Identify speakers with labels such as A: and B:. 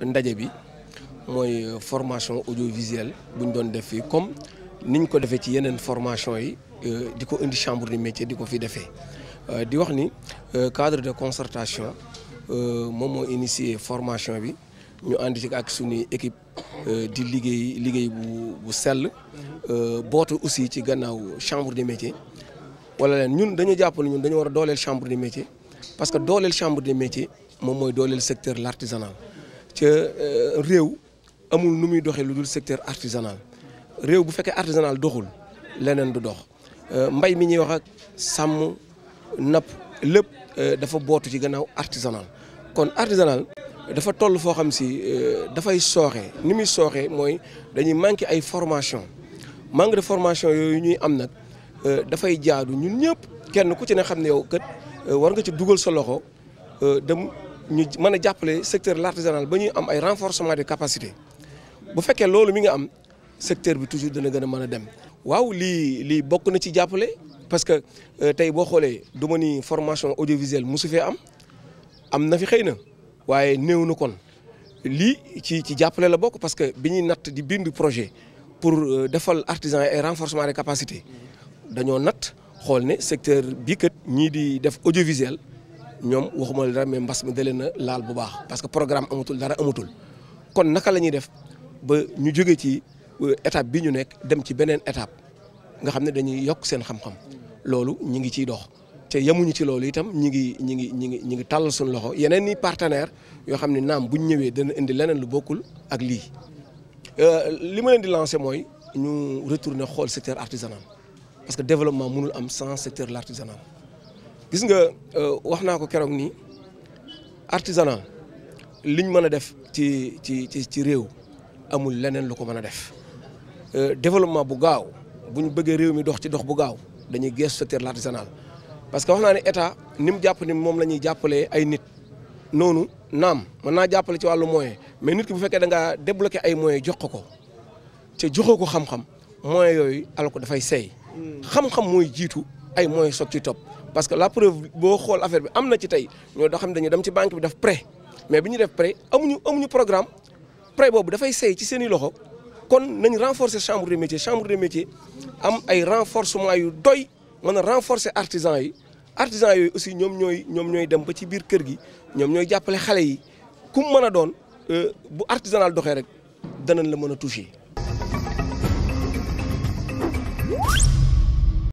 A: ndaje bi mooy formation audiovisuelle bu ñu doon def fii comme niñ ko defee ci yeneen formation yi euh, di ko indi chambre de métier di ko fi defee euh, di wax ni euh, cadre de concertation moom moo initié formation bi ñu ànd ci ak suñu équipe di liggéey liggéey bu bu sell bootu aussi ci gannaaw chambre de métier wala leen ñun dañu jàpp ne ñun dañu war a dooleel chambre de métier parce que dooleel chambre de métier moom mooy dooleel secteur l'artisanal ca euh, réew amul nu muy doxee lu dul secteur artisanal réew bu fekkee artisanal doxul leneen du dox euh, mbay mi ñuy wax ak sàmm napp lépp euh, dafa bootu ci gannaaw artisanal kon artisanal dafa toll foo xam si dafay sooxe ni muy sooxe mooy dañuy manqué ay formation manque de formation yooyu ñuy am nag dafay jaadu ñun ñëpp kenn ku ci ne xam ne yow kat war nga ci dugal sa loxo dem ñu mën a jàppale secteur l' artisanal ba ñuy am ay renforcement de capacité bu fekkee loolu mi ngi am secteur bi toujours dana gën a mën a dem. waaw lii lii bokk na ci jàppale parce que euh, tey boo xoolee du ma ni formation audiovisuelle mosu fee am am na fi xëy na waaye néew na kon lii ci ci jàppale la bokk parce que bi ñuy natt di bind projet pour euh, defal artisan ay renforcement de capacité dañoo nat xool ne secteur bii kat ñii di def audiovisuel. ñoom waxuma dara mais mbas mi dalee na laal bu baax parce que programme amatul dara amatul kon naka la ñuy def ba ñu jóge ci euh, étape bi ñu nekk dem ci beneen étape nga xam ne dañuy yokk seen xam-xam loolu ñu ngi ciy dox te yemuñu ci loolu itam ñi ngi ñi ngi ñi ngi ñi ngi tàllal suñu loxo yeneen i partenaire yoo xam ne naam buñ ñëwee dana indi leneen lu bokkul ak lii euh, li ma leen di lancé mooy ñu retourner xool secteur artisanal parce que développement mënul am sans secteur l'artisanal gis nga euh, wax naa ko keroog nii artisanat liñ mën a def ci ci ci ci réew amul leneen lu ko mën a def euh, développement bu gaaw bu ñu bëggee réew mi dox ci dox bu gaaw dañuy gees secteur artisanal parce que wax naa ne état ni mu jàpp ni moom la ñuy jàppalee ay nit noonu naam mën naa jàppale ci wàllu moyen mais nit ki bu fekkee da ngaa débloqué ay moyens jox ko ko te joxoo ko xam-xam moyens yooyu alal ko dafay seey. Hmm. xam-xam mooy jiitu ay moyens soog ci topp. parce que la preuve boo xool affaire bi am na ci tey ñoo doo xam ne dañu dem ci banque bi def pre mais bi ñu def prêt amuñu amuñu programme prêt boobu dafay sey ci seen i loxo kon nañ renforcer chambre de métier chambre de métier am ay renforcement yu doy mën a renforcer artisan yi artisan yooyu aussi ñoom ñooy ñoom ñooy dem ba ci biir kër gi ñoom ñooy jàppale xale yi kum mu mën a doon euh, bu artisanal doxee rek danañ la mën a toucher